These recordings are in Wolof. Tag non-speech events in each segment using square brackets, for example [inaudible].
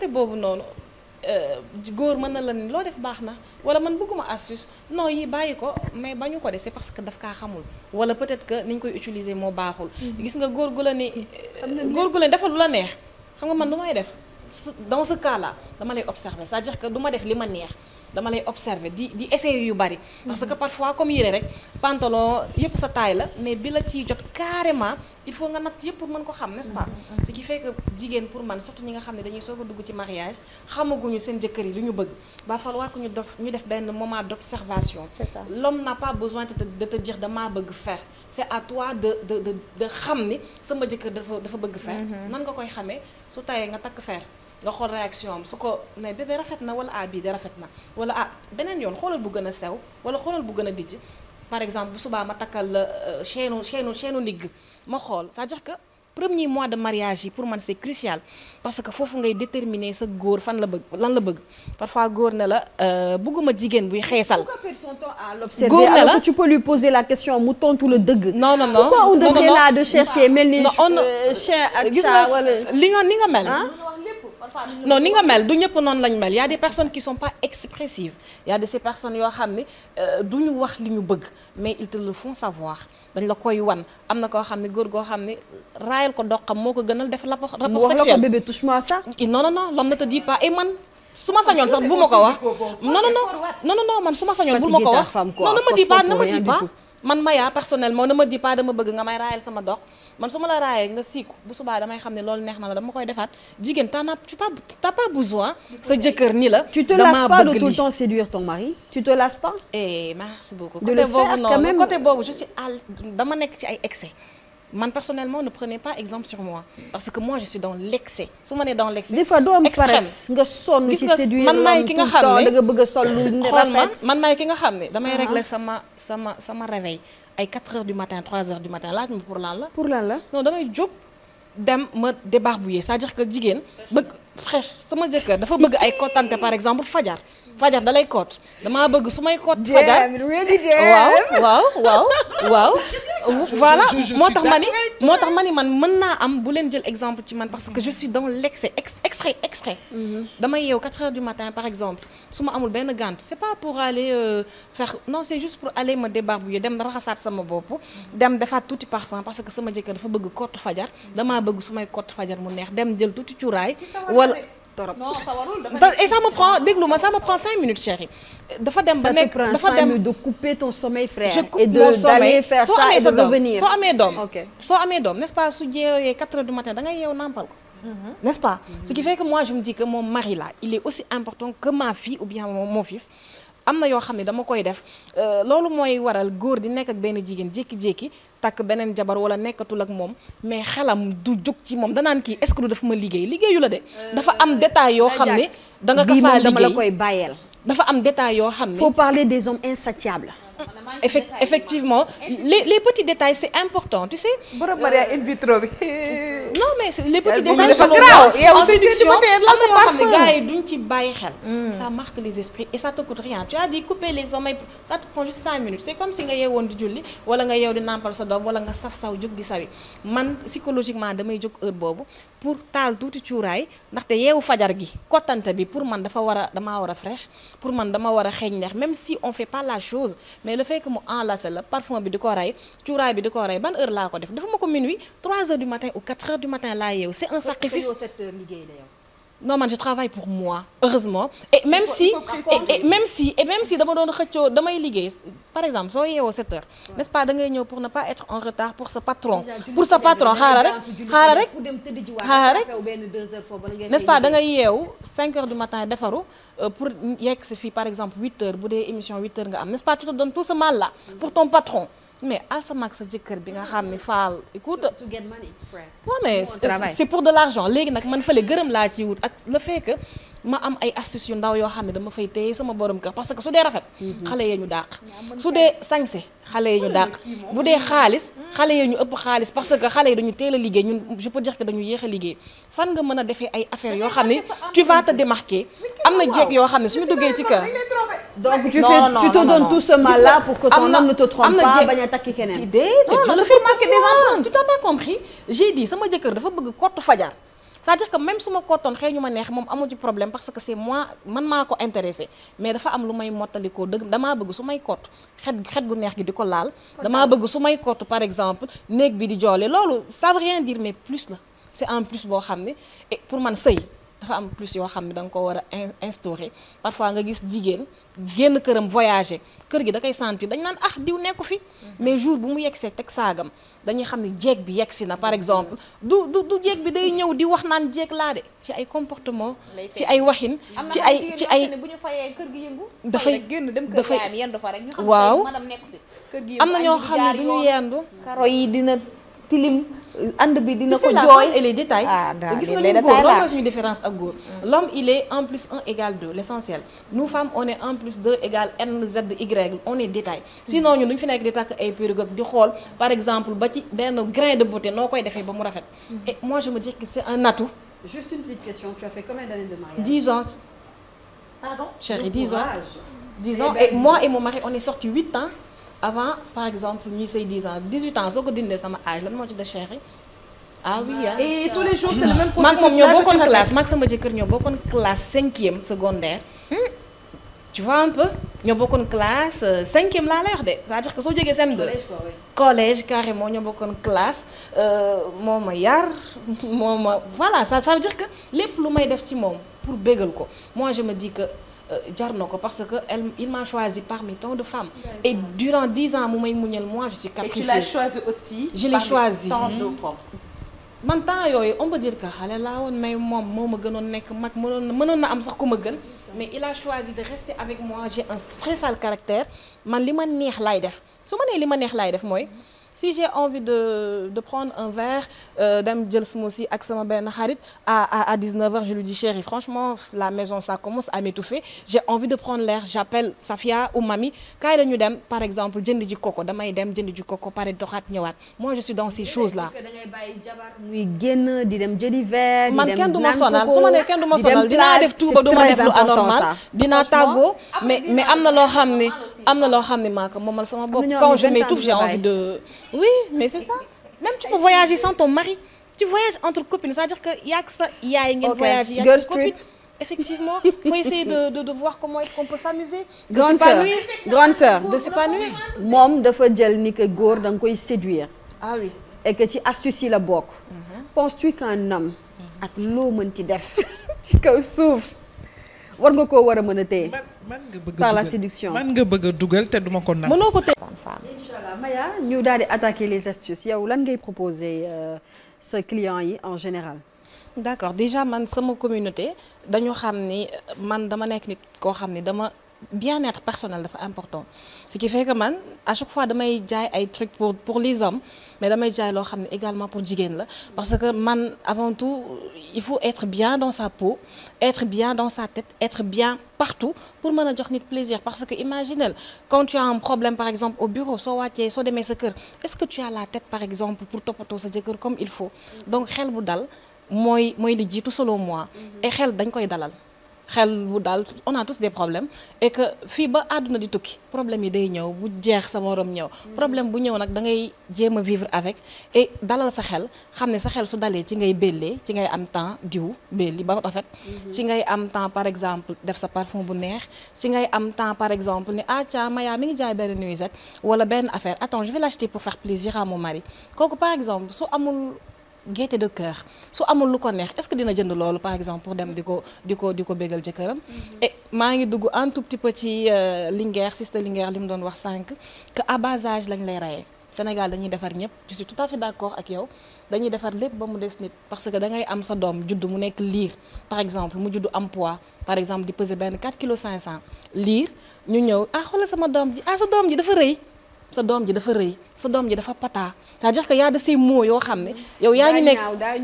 te boobu noonu euh, góor mën na la ni loo def baax na wala man bëgguma astuce non yi bàyyi ko mais bañu ko de c'est parce que daf kaa xamul wala peut-être que niñ koy utiliser moo baaxul. Mm-hmm. gis nga góor gu la ni. góor gu la ni dafa lu la neex xam nga man du may def dans ce cas là dama lay observer c'est-à-dire que du ma def li ma neex. dama lay observer di di essayer yu bari. parce que parfois comme yére rek pantalon yëpp sa taille la mais bi la ciy jot carrément il faut nga natt yëpp pour mën ko xam n'est-ce pas. Mm-hmm, mm-hmm. ce qui jigéen pour man surtout ñi nga xam ne dañuy soog a dugg ci mariage xamaguñu seen jëkkër yi lu ñu bëgg ba falloir que ñu def ñu def benn moment d'observation. c'est ça l'homme n'a pas besoin de te de te dire damaa bëgg fer c'est à toi de de de xam ni sama jëkkër dafa dafa bëgg faire. Mm-hmm. nan nga koy xamee su tayee nga takk faire. nga xool réaction am su ko mais bébé rafet na wala ah bii de rafet na wala ah beneen yoon xoolal bu gën a sew wala xoolal bu gën a dijj par exemple bu subaa ma takkal la euh, chaîne chaîne chaîne ndigg ma xool c'est-à-dire que premier mois de mariage yi pour man c'est crucial parce que foofu ngay déterminer sa góor fan la bëgg lan la bëgg parfois góor ne la euh, bëgguma jigéen buy xeesal. pourquoi perd son temps à l'observer góor ne la alors que tu peux lui poser la question mu tontu la dëgg. non no non pourquoi on devrait là de chercher mel ni. non on euh, gis nga li nga ni nga mel. non ni nga mel du ñëpp noonu lañ mel y a des qui sont pas expressives y de ces personnes yoo xam ne euh, du ñu wax li ñu bëgg mais ils te le font savoir dañ la koy wan am na koo xam ne góor goo xam ne raayal ko doxam moo ko gënal def rapport sexuel mu wax la ko bébé touche-moi ça. non non non l'homme ne pas et man. su ma sañoon sax bu ma ko wax non non non non non man su ma sañoon bu ma ko wax non ne me dis pas. man ma mayaa personnellement ne me dis pas dama bëgg nga may raayal sama dox man su ma la raayee nga siiku bu subaa damay xam ne loolu neex na la dama koy defaat jigéen t'as pas t'as pas besoin sa jëkkër ni la tu te lasses pas de tout le temps séduire ton mari tu te lasses pas eh merci beaucoup côté boobu noonu côté boobu je suis à dama nekk ci ay excès man personnellement ne prenez pas exemple sur moi parce que moi je suis dans su ma nee dans l'excès des fois doo nga sonn ci séduire man maay ki nga xam ne da nga bëgg a sol lu [laughs] rafet man maay ki nga xam ne damay uh-huh. régler sama sama sama réveil ay 4 heures du matin 3 heures du matin laaj ma pour lan la pour lan la non damay jóg dem ma débarbouiller c'est-à-dire que jigéen bëgg fraîche sama jëkkër dafa bëgg ay kottante par exemple fajar fajar dalay koot damaa bëgg su may koot fajar waaw waaw waaw waaw voilà moo tax ma ni moo tax ma ni man mën naa am bu leen jël exemple ci man parce que je suis dans l'excès extrait extrait mm-hmm. damay yeew 4 heures du matin par exemple su ma amul benn gànt c'est pas pour aller euh, faire non c'est juste pour aller ma débarbouiller dem raxasaat sama bopp dem defaat tuuti parfum parce que sama jëkkër dafa bëgg koot fajar damaa bëgg su may koot fajar mu neex dem jël tuuti cuuraay torop et ça me prend déglu ma ça me prend cinq minutes chérie dafa dem ba nekk dafa dem de couper ton sommeil frère et de mon sommeil faire soo amee sa doom soo amee doom soo amee doom n'est-ce pas su jeewee quatre heures du matin da ngay yeew nàmpal ko mm-hmm. n'est-ce pas ce qui fait que moi je me dis que il est aussi important que ma fille ou bien mon fils am na yoo xam ne dama koy def euh, loolu mooy waral góor di nekk ak benn jigéen jéki jékki takk beneen jabar wala nekkatul ak moom mais xelam du jóg ci moom danaan kii est dafa ma liggéey liggéeyu la de euh, dafa am détail yoo xam ne da nga ko faa liggéey dama la bàyyeel dafa am détail yoo xam ne faut parler des hommes insatiables effectivement les les petits détails c'est important tu sais. borom mariage in vitro bi. [laughs] non mais les petits détails sont en séduction am na yoo xam ne gars yi duñ ci bàyyi xel. Hmm. ça marque les esprits et ça te coûte rien tu as couper les oreilles ça te prend cinq minutes c'est comme si nga yeewoon di julli wala nga yeew di nàmpal sa doom wala nga saf saw jóg di sawi man psychologiquement damay jóg heure boobu pour taal tuuti cuuraay ndaxte yeewu fajar gi kottante bi pour a damaa war a fraîche pour man dama war a xeeñ neex même si on fait fekk mu enlacé la parfum bi di ko rey cuuraay bi di ko rey ban heure laa ko def dafa ma ko minuit 3 heures du matin ou 4 heures du matin laa yeewu c'est un sacrifice euh, non man je travaille pour moi heureusement. et même si et même si dama doon xëccoo damay liggéey par exemple soo yeewoo 7 heures. n'est-ce pas da ngay ñëw pour ne pas être en retard pour sa patron. pour sa patron xaaral rek xaaral rek n'est-ce pas da ngay yeewu heures du matin defaru euh, pour yegg si fii par exemple 8 heures bu dee émission 8 heures nga am n'est-ce pas tu te tout ce mal pour ton patron. mais Asamaak sa jëkkër bi nga xam ni faal. écoute waaw mais c'est pour de l'argent léegi nag man fële gërëm laa ci wut ak le fait ma am ay astuces yu ndaw yoo xam ne dama fay téye sama boroom kër parce que su dee rafet mhm. xale yee ñu dàq su dee sañse xale yee ñu dàq bu dee xaalis xale yee ñu ëpp xaalis parce que xale yi dañu teel a liggéey ñun je peux dire dañu yéex liggéey fan nga mën a defee ay affaires yoo xam ne tu démarquer am na jeeg yoo xam ne su ñu duggee ci kër donc tu fais tu te donnes tout ce mal là a takki keneen déedéet je ne fais pas que des enfants sama jëkkër dafa bëgg kottu fajar c'est-à-dire que même su ma kootoon xëy ñu ma neex moom amu ci problème parce que c'est moi man maa ko intéressé mais dafa am lu may mottalikoo dëgg damaa bëgg su may koot xet xet gu neex gi di ko laal damaa bëgg su may koot par exemple néeg bi di joole loolu ça veut mais plus la c'est en plus boo xam ne pour man sëy dafa am plus yoo xam ne da nga ko war a instauré parfois nga gis jigéen génn këram voyager kër gi da koy sentir dañ naan ah diw nekku fi mhm. mais jour bu mu yegsee teg saagam dañuy xam ne jeeg bi yegsi na par exemple du du du jeeg bi day ñëw di wax naan jeeg laa de ci ay comportement ci ay waxin ci ay ci ay bu ñu fayee kër gi yëngu dafay génn dem kër yaayam yendu fa rek waaw kër gi am na ñoo xam ne du ñu yendu karo tilim ànd bi dina ko jooy et les détails ah, gis nga ñu góor loolu mooy suñu différence ak góor mm. l'homme il est un plus un égale deux l'essentiel nous femmes on est un plus deux égale n z y on est détail sinon ñun duñu fi nekk di takk ay perruque di xool par exemple ba ci benn grain de noo koy defee ba mu rafet mm-hmm. et moi je me dis que c'est un atout juste ans pardon eh et moi et on est sortis 8 ans avant par exemple ñuy say 10 ans 18 ans soo ko dindee sama âge lan moo ci de chéri ah oui ah. et tous les jours c'est le même processus. maag ñoo bokkoon classe maag sama jëkkër ñoo bokkoon classe cinquième secondaire. Hmm? tu vois bokkoon classe euh, cinquième laa lay wax de c'est-à-dire que soo jógee sem 2 collège carrément ñoo bokkoon classe euh, moo ma yar moo a voilà ça ça veut lépp lu may def ci moom pour bégal ko moi je me dis Euh, jar na ko parce que elle il m'a choisi parmi tant de femmes. et durant dix ans mu may muñal moi je suis capricieuse. et je l'ai choisi parmi tant mhm. man temps yooyu on peut dire que xale laa woon mais moom moo ma gënoon nekk mag mënoon mënoon na am sax ku ma gën. mais il a choisi de rester avec moi j'ai un très sale caractère man li ma neex laay def su ma nee li ma neex laay def mooy. Mhm. si j'ai envie de de prendre un verre euh, dem jël smoothie ak sama benn xarit à à 19h je lui dis chérie franchement la maison ça commence a m'étouffer j'ai envie de prendre l'air j'appelle Safia ou Mami kaay dañu dem par exemple jënd ji koko damay dem jënd ji koko pare doxaat ñëwaat moi je suis dans ces choses là. da di dem jëli ma sonal su ma nee def tout ba ma def lu anormal dinaa tàggoo mais mais am na loo xam am na loo xam ne maa ko moomal sama bopp. quand je m'étouffe j'ai envie de. mais c'est ça même tu voyager sans ton mari tu voyages entre copine c'est-à-dire que yaa ak sa yaay ngeen voyager yaa ak sa copine effectivement faut essayer de de voir comment est-ce qu'on peut s'amuser. de s'épanouir grande sœur de s'épanouir moom dafa jël ni que góor danga koy séduire. ah que ci astuce la bokk. Mhm. penses-tu qu'un homme mhm. ak loo mën ci def [laughs] ci kaw suuf war nga koo war a mën a téye. man nga bëgg par la séduction man nga bëgg a dugal te duma ko nangu. mënoo ko tey. inchallah Maya ñu daal di attaquer les astuces yow lan ngay proposer euh, sa client yi en général. d'accord déjà man sama communauté dañu xam ni man dama nekk nit koo xam ni dama. bien-être personnel dafa important ce qui fait que man à chaque fois damay jaay ay trucs pour les hommes mais damay jaay loo xam ne également pour jigéen la parce que man avant tout il faut être bien dans sa peau être bien dans sa tête être bien partout pour mën a jox nit plaisir parce que imaginez quand tu as un problème par exemple au bureau soo wàccee soo demee sa kër est-ce que tu as la tête par exemple pour toppatoo sa jëkkër comme il faut xel bu dal mooy mooy li jiitu selon moi et xel dañ koy dalal xel bu daal on a tous des problèmes et que fii ba àdduna di tukki problème yi day ñëw bu jeex sa morom ñëw mm. problème bu ñëw nag da ngay jéem a vivre avec dalal sa xel xam ne sa xel su dalee ci ngay bellee ci ngay am temps diw belli ba rafet mm-hmm. ci ngay am temps par exemple def sa parfum bu neex ci ngay am temps par exemple ni ah tiens Maya mi ngi jaay benn nuisette wala benn affaire attends je vais l'acheter pour faire plaisir à mon kooku par exemple su amul gaieté de cœur su amul lu ko neex est-ce que dina jënd loolu par exemple pour dem di ko di ko di ko bégal jëkkëram mm-hmm. et maa ngi dugg un tout petit peu ci euh, Linguère sister Linguère li mu doon wax sànq que abasage bas lañ lay rayee Sénégal dañuy defar ñëpp je suis tout à fait d'accord ak yow dañuy defar lépp ba mu des nit parce que da ngay am sa doom judd mu nekk liir par exemple mu judd am par exemple di peser benn 4 kilos 500 liir ñu ñëw ah xoolal sama doom ji ah sa doom ji dafa rëy sa doom ji dafa rëy sa doom ji dafa pataa c'est-à-dire que y a yoo xam ne yow yaa ngi nekk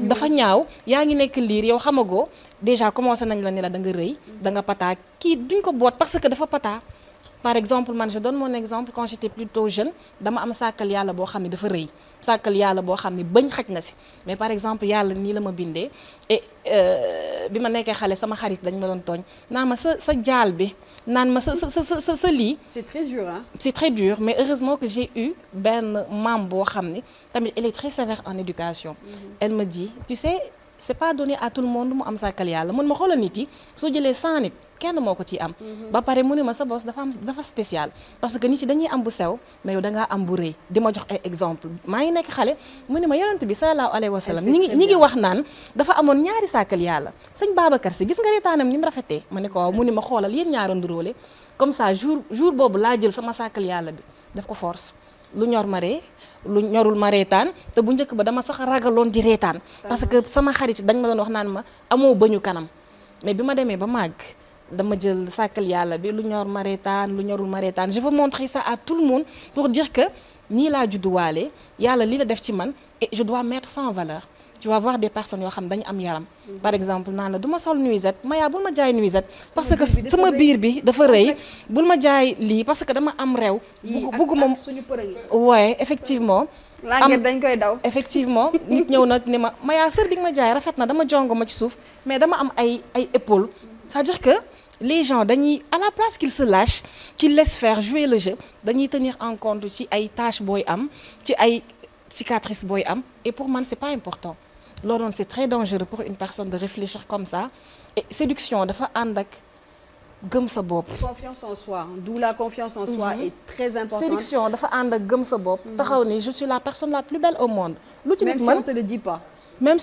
dafa ñaaw yaa ngi nekk liir yow xamagoo déjà commencé nañ la ne la da nga rëy da nga pataa kii duñ ko boot parce que dafa pataa par exemple man je donne mon exemple quand j'étais plutôt jeune dama am sàkkal yàlla boo xam ne dafa rëy sàkkal yàlla boo xam ne bañ xaj na si mais par exemple yàlla nii la ma bindee et euh, bi ma nekkee xale sama xarit dañ ma doon tooñ naan ma sa sa jaal bi naan ma sa sa sa sa sa lii. c'est très dur ah. c'est mais heureusement que j'ai eu benn maam boo xam ne tamit elle est très sévère en éducation. Mm-hmm. elle me dit tu sais. c'est pas donné à tout le monde mu am sàkkal yàlla mun ma xoolal nit yi soo jëlee 100 kenn moo ko ciy am. Mhm. ba pare mu ne ma sa boss dafa am dafa spécial. parce que nit yi dañuy am bu sew mais yow da am bu rëy di ma jox ay exemple maa ngi nekk xale mu ne ma yonent bi sallallahu alayhi wa sallam ñi ngi ñi ngi wax naan dafa amoon ñaari sàkkal yàlla sëñ Babacar si gis nga reetaanam ni mu rafetee ma ne ko waaw mu ne ma xoolal yéen ñaar a nduróole comme ça jour jour boobu laa jël sama sàkkal yàlla bi daf ko force. lu ñor ma ree lu ñorul ma reetaan te bu njëkk ba dama sax ragaloon di reetaan parce que sama xarit dañ ma doon wax naan ma amoo bëñu kanam mais bi ma demee ba màgg dama jël sàkkal yàlla bi lu ñor ma reetaan lu ñorul ma reetaan je veux montrer ça à tout le mone pour dire que nii laa judduwaale yàlla lii la def ci man et je dois mettre ça valeur tu vas voir des personnes yoo xam dañu am yaram par exemple naan la du ma sol nuisette Maya bul ma jaay nuisette parce que sama biir bi dafa rëy bul ma jaay lii parce que dama am réew bugg moom suñu përëg waaye effectivement am dañ koy daw effectivement nit ñëw na ni ma Maya sër bi ma jaay rafet na dama jongo ci suuf mais dama am ay ay épaules cest dire que les gens dañuy à la place qu'ils se lâchent qu'ils laissent faire jouer le jeu dañuy tenir en compte ci ay tâches booy am ci ay cicatrices booy am et pour man c'est pas important loo noonu c'est très dangereux pour une personne de réfléchir comme ça et séduction dafa ànd ak gëm sa bopp. confiance en soi d'où la confiance en soi. Mm -hmm. séduction dafa ànd ak gëm sa bopp. Mhm. taxaw ni je suis la personne la plus belle au monde. lu ci nit mën même si on te le dit pas.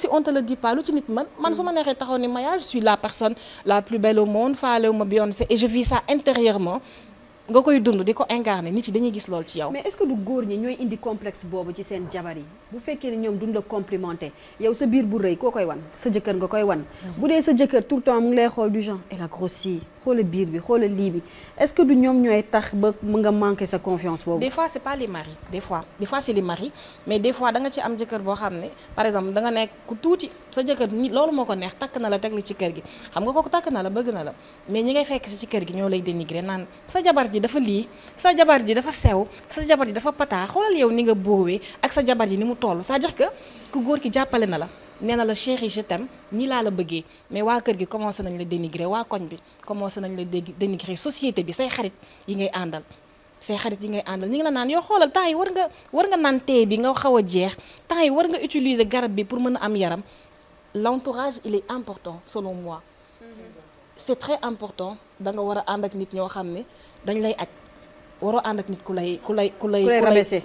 si on te le dit lu ci man su ma neexee taxaw ni Maya je suis la personne la plus belle au monde faalewu ma Beyoncé et je vis ça intérieurement. nga koy dund di ko incarné nit yi dañuy gis loolu ci yow. mais est-ce du góor ñi ñooy indi complexe boobu ci seen jabar yi bu fekkee ne ñoom duñ la complimenté yow sa biir bu rëy koo koy wan sa jëkkër nga koy wan. Mm-hmm. bu dee sa jëkkër tout le temps mu lay xool du genre elle a grossi xoola biir bi xoola lii bi est-ce que du ñoom ñooy tax ba mu nga manqué sa confiance boobu. des fois c'est pas les maris des fois des fois c'est les maris mais des fois da ci am jëkkër boo xam ne par exemple danga nekk ku tuuti sa jëkkër ni loolu moo ko neex takk na la teg la ci kër gi xam nga kooku takk na la bëgg na la mais ñi ngay fekk si ci kër gi ñoo lay dénigrer naan sa jabar ji dafa lii sa jabar ji dafa sew sa jabar ji dafa pataa xoolal yow ni nga boowee ak sa jabar ji ni mu toll c'est-à-dire ku góor ki jàppale na la nee na la chéri je t'aime nii laa la bëggee mais waa kër gi commencé nañ la dénigrer waa koñ bi commencé nañ la dénigrer société bi say xarit yi ngay àndal say xarit yi ngay àndal ñu ngi la naan yoo xoolal temps yi war nga war nga naan tee bi nga xaw a jeex temps yi war nga utiliser garab bi pour mën a am yaram l'entourage il est important selon moi mm-hmm. c'est très important da nga war a ànd ak nit ñoo xam ne dañ lay aj waroo ànd ak nit ku lay ku lay ku lay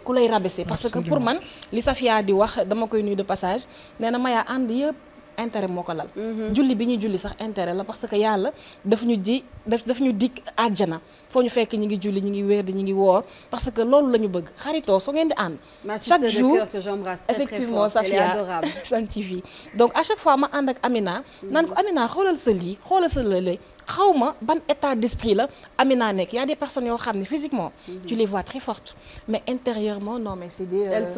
ku lay rabaisser parce que pour man li Safia di wax dama koy nuy de passage nee na mayaa ànd yëpp intérêt moo ko lal mhm. julli bi ñuy julli sax intérêt la parce que yàlla daf ñu ji daf daf ñu dikk àjjana foo ñu fekk ñi ngi julli ñi ngi wér di ñi ngi woor parce que loolu la ñu bëgg xaritoo soo ngeen di ànd chaque jour effectivement Safia [laughs] Sen TV donc à chaque fois ma ànd ak Amina naan ko mhm. Amina xoolal sa lii xoolal sa lële xaw ma ban état d'esprit la Amina nekk y a des personnes yoo xam ne physiquement. Mm-hmm. tu les vois très fortes mais intérieurement non mais c'est des. Euh,